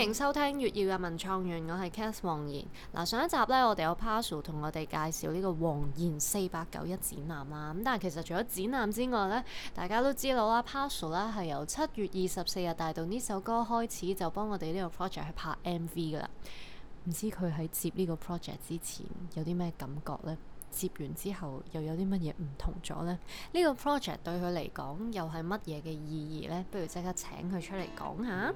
歡迎收聽《粵耀嘅文創園》，我係 Cath 黃妍。嗱，上一集呢，我哋有 Pazu 同我哋介紹呢個黃妍四百九一展覽啦。咁但係其實除咗展覽之外呢，大家都知道啦，Pazu 呢係由七月二十四日大道呢首歌開始就幫我哋呢個 project 去拍 MV 㗎啦。唔知佢喺接呢個 project 之前有啲咩感覺呢？接完之後又有啲乜嘢唔同咗呢？呢個 project 對佢嚟講又係乜嘢嘅意義呢？不如即刻請佢出嚟講下。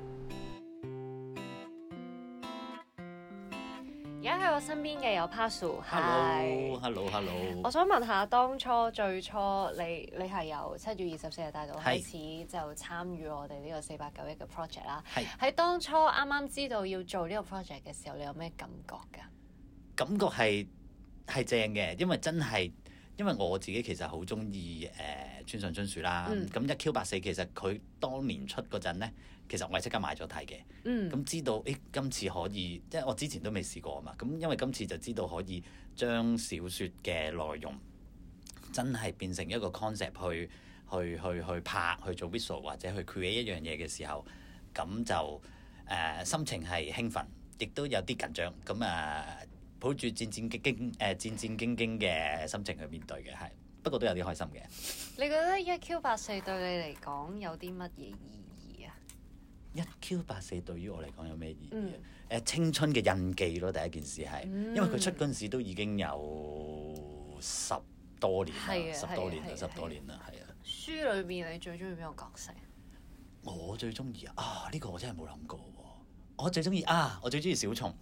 我身邊嘅有 Pazu，係，hello，hello，hello。Hello, hello, hello. 我想問下當初最初你你係由七月二十四日大到開始是就參與我哋呢個四八九一嘅 project 啦。係是。喺當初啱啱知道要做呢個 project 嘅時候，你有咩感覺㗎？感覺係係正嘅，因為真係。因為我自己其實好中意誒《村、呃、上春樹》啦，咁一、嗯、Q 八四其實佢當年出嗰陣咧，其實我係即刻買咗睇嘅。咁、嗯、知道誒、欸、今次可以，即係我之前都未試過啊嘛。咁因為今次就知道可以將小説嘅內容真係變成一個 concept 去去去去，去拍去做 visual 或者去 create 一樣嘢嘅時候，咁就誒、呃、心情係興奮，亦都有啲緊張。咁啊～、呃抱住戰戰兢兢，誒、戰戰兢兢嘅心情去面對嘅，係不過都有啲開心嘅。你覺得《一 Q 八四》對你嚟講有啲乜嘢意義啊？《一 Q 八四》對於我嚟講有咩意義？誒、嗯呃，青春嘅印記咯，第一件事係，嗯、因為佢出嗰陣時都已經有十多年啦，嗯、十多年啦，十多年啦，係啊。書裏邊你最中意邊個角色？我最中意啊！呢、呢個我真係冇諗過喎。我最中意啊！我最中意、啊、小松。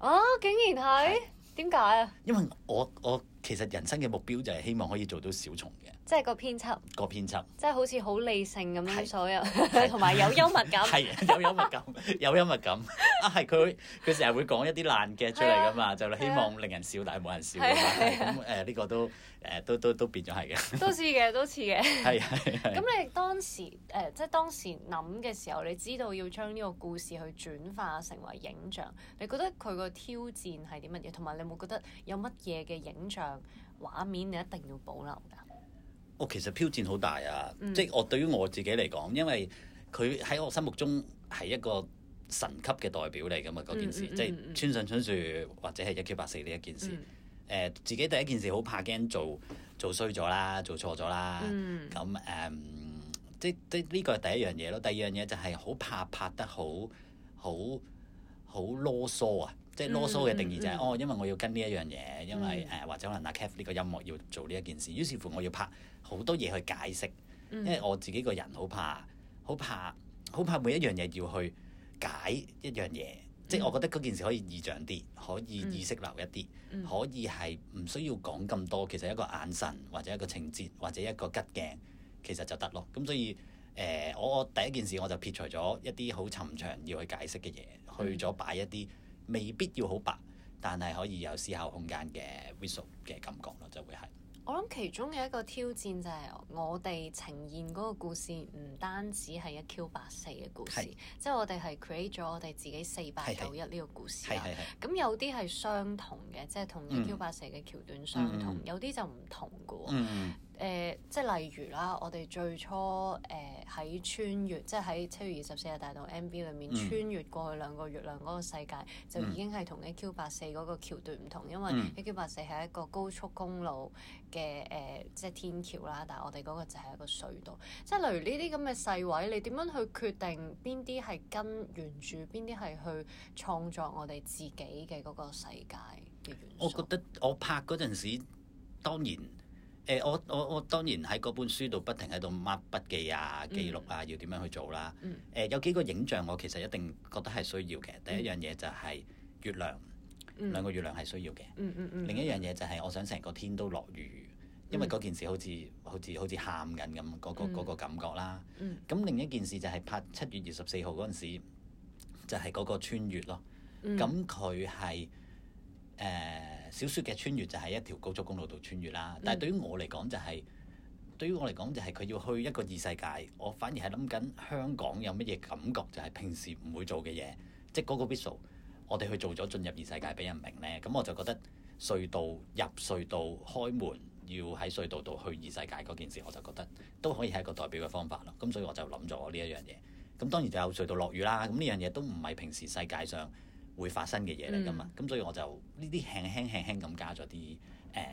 啊、哦！竟然係，點解啊？為因為我我其實人生嘅目標就係希望可以做到小蟲嘅。即係個編輯，個編輯，即係好似好理性咁樣，所有同埋有幽默感，係有幽默感，有幽默感啊！係佢佢成日會講一啲爛 gag 出嚟㗎嘛，就希望令人笑，但係冇人笑㗎嘛。咁誒呢個都誒都都都變咗係嘅，都似嘅，都似嘅。係。咁你當時誒即係當時諗嘅時候，你知道要將呢個故事去轉化成為影像，你覺得佢個挑戰係點乜嘢？同埋你有冇覺得有乜嘢嘅影像畫面你一定要保留㗎？我、哦、其實挑戰好大啊！嗯、即係我對於我自己嚟講，因為佢喺我心目中係一個神級嘅代表嚟㗎嘛。嗰件事、嗯嗯嗯、即係村上春樹或者係 1Q84 呢一件事。誒、嗯呃，自己第一件事好怕驚做做衰咗啦，做錯咗啦。咁誒、嗯 um，即即呢個係第一樣嘢咯。第二樣嘢就係好怕拍得好好好囉嗦啊！即係囉嗦嘅定義就係、是嗯嗯、哦，因為我要跟呢一樣嘢，嗯、因為誒、呃、或者可能阿 Cath 呢個音樂要做呢一件事，於是乎我要拍好多嘢去解釋，嗯、因為我自己個人好怕，好怕好怕每一樣嘢要去解一樣嘢，嗯、即係我覺得嗰件事可以意象啲，可以意識流一啲，嗯嗯、可以係唔需要講咁多，其實一個眼神或者一個情節或者一個吉鏡其實就得咯。咁所以誒，我、呃、我第一件事我就撇除咗一啲好尋常要去解釋嘅嘢，去咗擺一啲。未必要好白，但係可以有思考空間嘅 visual 嘅感覺咯，就會係。我諗其中嘅一個挑戰就係我哋呈現嗰個故事唔單止係一 Q 八四嘅故事，即係我哋係 create 咗我哋自己四八九一呢個故事。咁有啲係相同嘅，即係同一 Q 八四嘅橋段相同，嗯、有啲就唔同嘅喎。嗯嗯誒、呃，即係例如啦，我哋最初誒喺、呃、穿越，即係喺《七月二十四日大道》MV 裏面穿越過去兩個月亮嗰個世界，嗯、就已經係同《一 Q 八四》嗰個橋段唔同，嗯、因為《一 Q 八四》係一個高速公路嘅誒、呃，即係天橋啦，但係我哋嗰個就係一個隧道。即係例如呢啲咁嘅細位，你點樣去決定邊啲係跟原著，邊啲係去創作我哋自己嘅嗰個世界嘅元素？我覺得我拍嗰陣時，當然。誒、呃、我我我當然喺嗰本書度不停喺度抹筆記啊，記錄啊要點樣去做啦。誒、嗯呃、有幾個影像我其實一定覺得係需要嘅。第一樣嘢就係月亮、嗯、兩個月亮係需要嘅。嗯嗯嗯、另一樣嘢就係我想成個天都落雨，因為嗰件事好似、嗯、好似好似喊緊咁嗰個感覺啦。咁、嗯嗯、另一件事就係拍七月二十四號嗰陣時，就係、係、嗰個穿越咯。咁佢係誒。嗯嗯嗯小説嘅穿越就係一條高速公路度穿越啦，嗯、但係對於我嚟講就係、係，對於我嚟講就係佢要去一個異世界，我反而係諗緊香港有乜嘢感覺就，就係平時唔會做嘅嘢，即係嗰個 visual，我哋去做咗進入異世界俾人明呢。咁我就覺得隧道入隧道開門要喺隧道度去異世界嗰件事，我就覺得都可以係一個代表嘅方法咯。咁所以我就諗咗呢一樣嘢，咁當然就有隧道落雨啦。咁呢樣嘢都唔係平時世界上會發生嘅嘢嚟㗎嘛，咁、嗯、所以我就呢啲輕輕輕輕咁加咗啲誒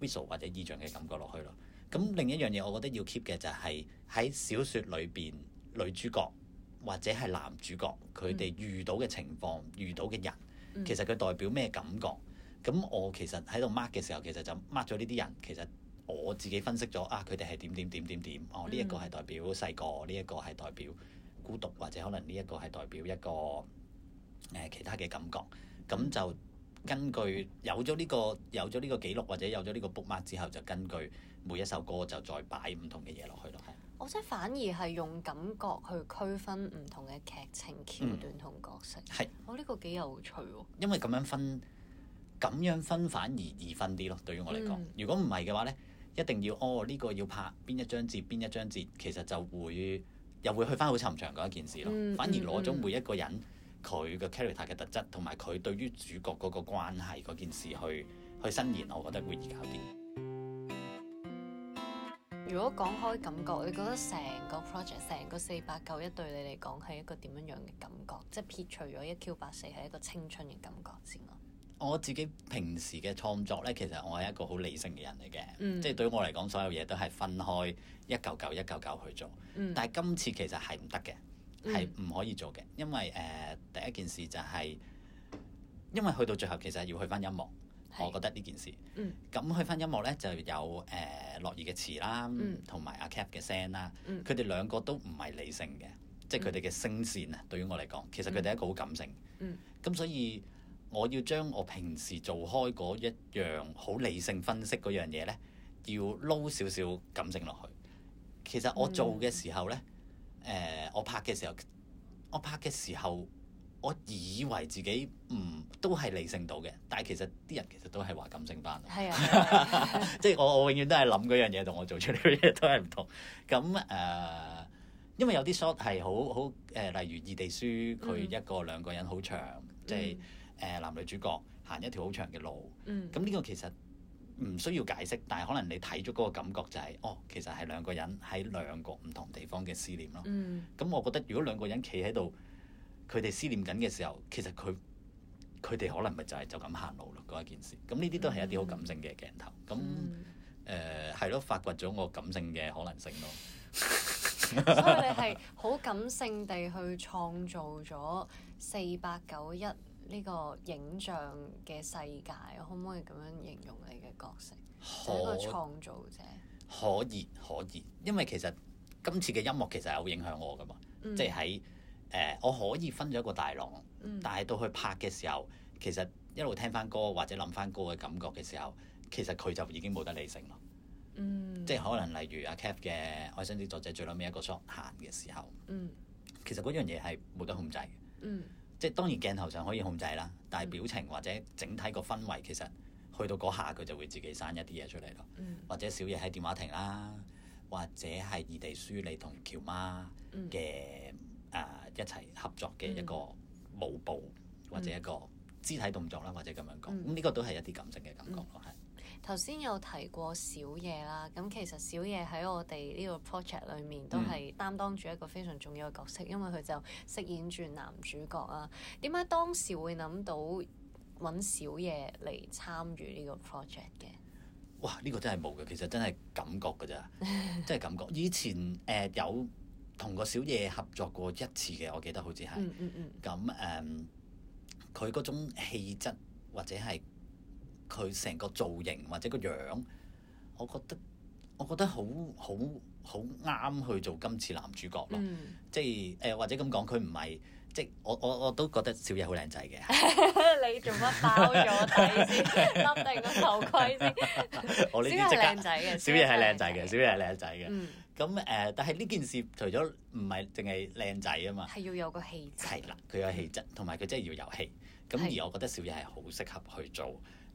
visual 或者意象嘅感覺落去咯。咁另一樣嘢，我覺得要 keep 嘅就係喺小説裏邊女主角或者係男主角佢哋遇到嘅情況、嗯、遇到嘅人，其實佢代表咩感覺？咁、嗯、我其實喺度 mark 嘅時候，其實就 mark 咗呢啲人，其實我自己分析咗啊，佢哋係點點點點點哦，呢、這、一個係代表細個、這個，呢一個係代表孤獨，或者可能呢一個係代表一個。誒其他嘅感覺，咁就根據有咗呢、呢個有咗呢個記錄或者有咗呢個 bookmark 之後，就根據每一首歌就再擺唔同嘅嘢落去咯。係，我即係反而係用感覺去區分唔同嘅劇情橋段同角色。係、嗯，我呢、哦，呢個幾有趣喎。因為咁樣分，咁樣分反而易分啲咯。對於我嚟講，嗯、如果唔係嘅話咧，一定要哦呢、呢個要拍邊一章節邊一章節，其實就會又會去返好尋常嗰一件事咯。嗯、反而攞咗每一個人。嗯佢嘅 character 嘅特質同埋佢對於主角嗰個關係嗰件事去去伸延，我覺得會易搞啲。如果講開感覺，嗯、你覺得成個 project、成個四八九一對你嚟講係一個點樣樣嘅感覺，即係撇除咗一 Q 八四係一個青春嘅感覺先咯。我自己平時嘅創作咧，其實我係一個好理性嘅人嚟嘅，嗯、即係對於我嚟講所有嘢都係分開一嚿嚿一嚿嚿去做。嗯、但係今次其實係唔得嘅。係唔可以做嘅，因為誒、呃、第一件事就係、是，因為去到最後其實要去翻音樂，是我覺得呢件事。嗯。咁去翻音樂呢就有誒、呃、樂意嘅詞啦，同埋阿 Cap 嘅聲啦。佢哋、嗯、兩個都唔係理性嘅，嗯、即係佢哋嘅聲線啊。對於我嚟講，其實佢哋一個好感性。嗯。咁、嗯、所以我要將我平時做開嗰一樣好理性分析嗰樣嘢呢，要撈少少感性落去。其實我做嘅時候呢。嗯誒，uh, 我拍嘅時候，我拍嘅時候，我以為自己唔、嗯、都係理性到嘅，但係其實啲人其實都係話感性返，即係、啊啊、 我我永遠都係諗嗰樣嘢，同我做出嚟嘅嘢都係唔同。 咁誒，因為有啲 shot 係好好誒，例如異地書，佢一個兩個人好長，即係誒男女主角行一條好長嘅路。咁呢、嗯、個其實。唔需要解釋，但係可能你睇咗嗰個感覺就係、是，哦，其實係兩個人喺兩個唔同地方嘅思念咯。咁、嗯嗯、我覺得，如果兩個人企喺度，佢哋思念緊嘅時候，其實佢佢哋可能咪就係就咁行路咯。嗰一件事，咁呢啲都係一啲好感性嘅鏡頭。咁誒係咯，發掘咗我感性嘅可能性咯。 所以你係好感性地去創造咗四八九一。呢個影像嘅世界，可唔可以咁樣形容你嘅角色？係、就是、一個創造者。可以，可以！因為其實今次嘅音樂其實係好影響我噶嘛。嗯、即係喺誒，我可以分咗一個大浪，嗯、但係到去拍嘅時候，其實一路聽翻歌或者諗翻歌嘅感覺嘅時候，其實佢就已經冇得理性咯。嗯。即係可能例如阿 Cap 嘅《愛心之作者》最尾一個 shot 嘅時候，嗯，其實嗰樣嘢係冇得控制。嗯。即係當然鏡頭上可以控制啦，但係表情或者整體個氛圍、嗯、其實去到嗰下佢就會自己生一啲嘢出嚟咯，嗯、或者小野喺電話亭啦，或者係異地書你同喬媽嘅誒、嗯呃、一齊合作嘅一個舞步、嗯、或者一個肢體動作啦，或者咁樣講，咁呢、嗯嗯、個都係一啲感性嘅感覺咯，係、嗯。嗯頭先有提過小野啦，咁其實小野喺我哋呢個 project 裏面都係擔當住一個非常重要嘅角色，嗯、因為佢就飾演住男主角啊。點解當時會諗到揾小野嚟參與呢個 project 嘅？哇！呢、呢個真係冇嘅，其實真係感覺㗎咋， 真係感覺。以前誒、呃、有同個小野合作過一次嘅，我記得好似係。咁誒、嗯嗯嗯，佢嗰、嗯、種氣質或者係。佢成個造型或者個樣，我覺得我覺得好好好啱去做今次男主角咯、呃。即係誒，或者咁講，佢唔係即係我我我都覺得 小野好靚仔嘅。你做乜爆咗底先笠定個頭盔先？小野係靚仔嘅，小野係靚仔嘅。咁誒，但係呢件事除咗唔係淨係靚仔啊嘛，係要有個氣質。係啦， 佢有氣質，同埋佢真係要有氣。咁 而我覺得小野係好適合去做。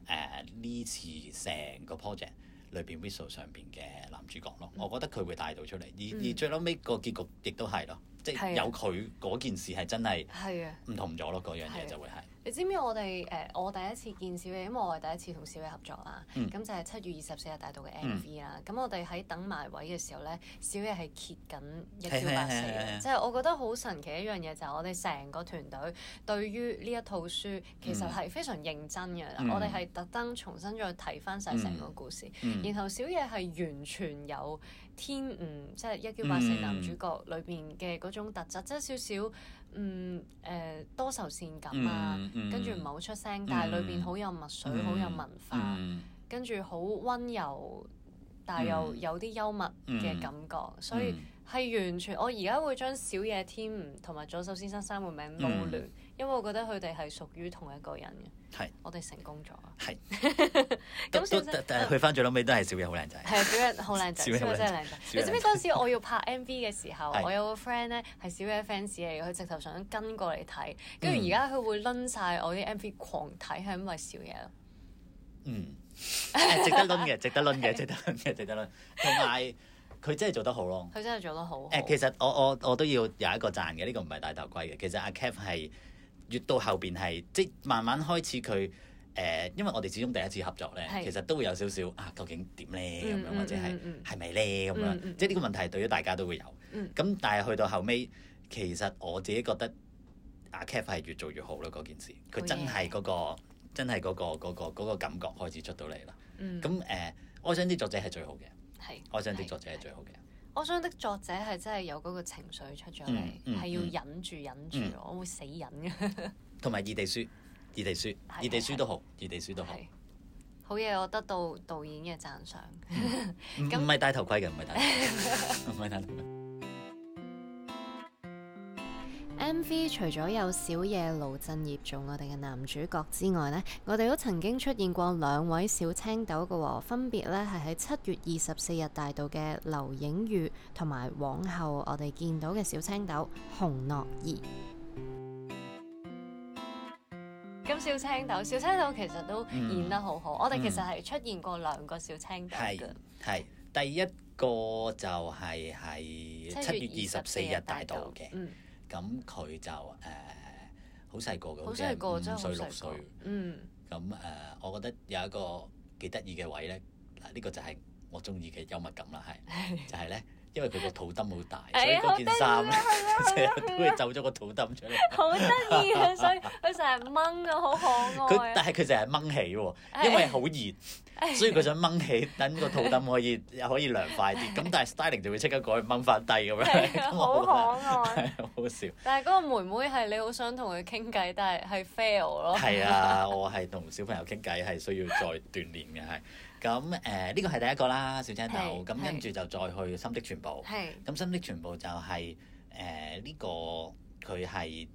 誒呢、uh，次成個 project 裏邊，visual 上邊嘅男主角咯，我覺得佢會帶到出嚟。而而最後尾個結局亦都係咯，即係有佢件事係真係係啊，唔同咗咯，樣嘢就會係。你知唔知我哋誒、呃、我第一次見小野，因為我係第一次同小野合作啦。咁、嗯、就係七月二十四日大道嘅 MV 啦。咁我哋喺等埋位嘅時候呢，小野係揭緊 1Q84，即係我覺得好神奇一樣嘢，就係、是、我哋成個團隊對於呢一套書其實係非常認真嘅。嗯、我哋係特登重新再睇翻晒成個故事，嗯嗯、然後小野係完全有。天嗯，即係一九八四男主角裏邊嘅嗰種特質，嗯、即係少少嗯誒、呃、多愁善感啊，嗯嗯、跟住唔係好出聲，嗯、但係裏邊好有墨水，嗯、好有文化，嗯嗯、跟住好溫柔。但又有啲幽默嘅感覺，所以係完全我而家會將小野天吾同埋左手先生三個名撈亂，因為我覺得佢哋係屬於同一個人嘅。係。我哋成功咗。係。去翻最撚尾都係小野好靚仔。係小野好靚仔。小野真係靚仔。你知唔知嗰陣時我要拍 MV 嘅時候，我有個 friend 咧係小野 fans 嚟，佢直頭想跟過嚟睇，跟住而家佢會攆曬我啲 MV 狂睇，係因為小野。嗯。 值得攆嘅，值得攆嘅，值得攆嘅，值得攆。同埋佢真係做得好咯。佢 真係做得好。誒、啊，其實我我我都要有一個讚嘅，呢、這個唔係大頭鬼嘅。其實阿 Cath 係越到後邊係，即慢慢開始佢誒、呃，因為我哋始終第一次合作咧，是其實都會有少少啊，究竟點咧咁樣，或者係係咪咧咁樣，嗯、即係呢個問題對於大家都會有。咁、嗯嗯、但係去到後尾，其實我自己覺得阿 Cath 係越做越好啦，嗰件事佢真係嗰、那個。真係嗰個嗰個嗰個感覺開始出到嚟啦。咁誒，哀傷啲作者係最好嘅。係，哀傷啲作者係最好嘅。哀傷啲作者係真係有嗰個情緒出咗嚟，係要忍住忍住，我會死忍嘅。同埋異地書，異地書，異地書都好，異地書都好。好嘢，我得到導演嘅讚賞。唔係戴頭盔嘅，唔係戴。唔係戴頭盔。MV 除咗有小野、盧鎮業做我哋嘅男主角之外呢，我哋都曾經出現過兩位小青豆嘅，分別呢係喺七月二十四日大道嘅劉影月，同埋往後我哋見到嘅小青豆洪樂兒。咁小青豆，小青豆其實都演得好好。嗯，我哋其實係出現過兩個小青豆嘅，係第一個就係係七月二十四日大道嘅。嗯咁佢就誒好細個嘅，好似五歲六歲。歲嗯。咁誒、呃，我覺得有一個幾得意嘅位咧，嗱、這、呢個就係我中意嘅幽默感啦，係 就係咧。因為佢個肚 d 好大，所以嗰件衫咧，日都佢走咗個肚 d 出嚟。好得意啊！所以佢成日掹啊，好可愛。佢但係佢成日掹起喎，因為好熱，所以佢想掹起，等個肚 d 可以可以涼快啲。咁但係 styling 就會即刻過去掹翻低咁樣。係好可愛。係，好笑。但係嗰個妹妹係你好想同佢傾偈，但係係 fail 咯。係啊，我係同小朋友傾偈係需要再鍛鍊嘅係。咁誒呢個係第一個啦，小青豆。咁是跟住就再去心的全部。咁是心的全部就係誒呢個佢係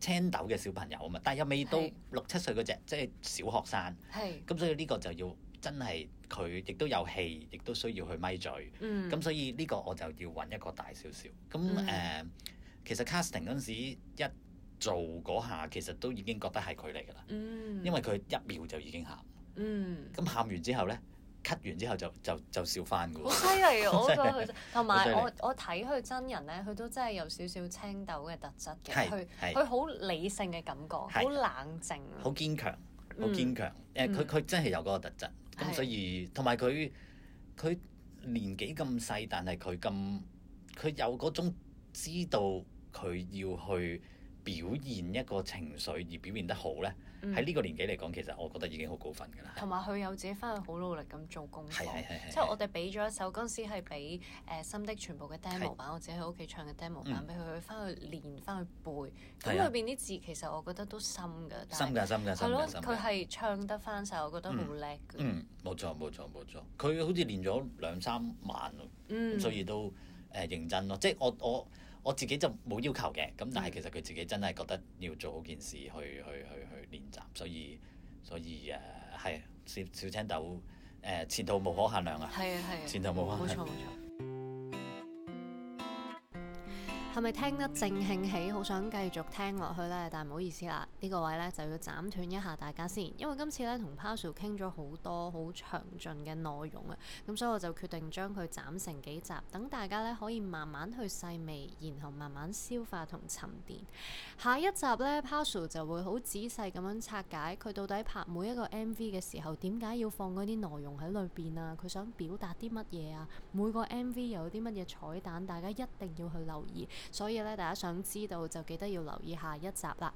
青豆嘅小朋友啊嘛，但係又未到六七歲嗰隻，是即係小學生。咁是所以呢個就要真係佢亦都有戲，亦都需要去咪嘴。咁、嗯、所以呢個我就要揾一個大少少。咁誒、嗯呃、其實 casting 嗰陣時一做嗰下，其實都已經覺得係佢嚟㗎啦。嗯、因為佢一秒就已經喊。嗯，咁喊完之後咧，咳完之後就就就笑返嘅喎。好犀利啊！我覺得佢，同埋我我睇佢真人咧，佢都真係有少少青豆嘅特質嘅。係，係。佢好理性嘅感覺，好冷靜。好堅強，好堅強。誒、嗯，佢佢、啊、真係有嗰個特質。咁所以，同埋佢佢年紀咁細，但係佢咁，佢有嗰種知道佢要去表現一個情緒而表現得好咧。喺呢個年紀嚟講，其實我覺得已經好高分㗎啦。同埋佢有自己翻去好努力咁做功課。係係係，即係我哋俾咗一首，嗰陣時係俾誒《心的》全部嘅 demo 版，我自己喺屋企唱嘅 demo 版俾佢，佢翻去練翻去背。咁裏邊啲字其實我覺得都深㗎。但㗎係咯，佢係唱得翻晒，我覺得好叻。嗯，冇錯冇錯冇錯，佢好似練咗兩三萬咯。所以都誒認真咯，即係我我。我自己就冇要求嘅，咁但係其實佢自己真係覺得要做好件事去、嗯去，去去去去練習，所以所以誒係小小青豆誒、uh, 前途無可限量啊！係啊係啊，前途無可限量。冇錯冇錯。係咪聽得正興起，好想繼續聽落去呢？但係唔好意思啦，呢個位呢，就要斬斷一下大家先，因為今次呢，同 Pazu 傾咗好多好詳盡嘅內容啊，咁所以我就決定將佢斬成幾集，等大家呢，可以慢慢去細味，然後慢慢消化同沉澱。下一集呢 Pazu 就會好仔細咁樣拆解佢到底拍每一個 MV 嘅時候點解要放嗰啲內容喺裏邊啊，佢想表達啲乜嘢啊，每個 MV 有啲乜嘢彩蛋，大家一定要去留意。所以咧，大家想知道就記得要留意下一集啦。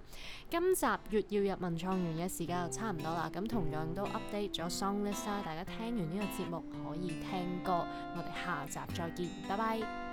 今集越要入文創園嘅時間就差唔多啦，咁同樣都 update 咗 song list 啦。大家聽完呢個節目可以聽歌，我哋下集再見，拜拜。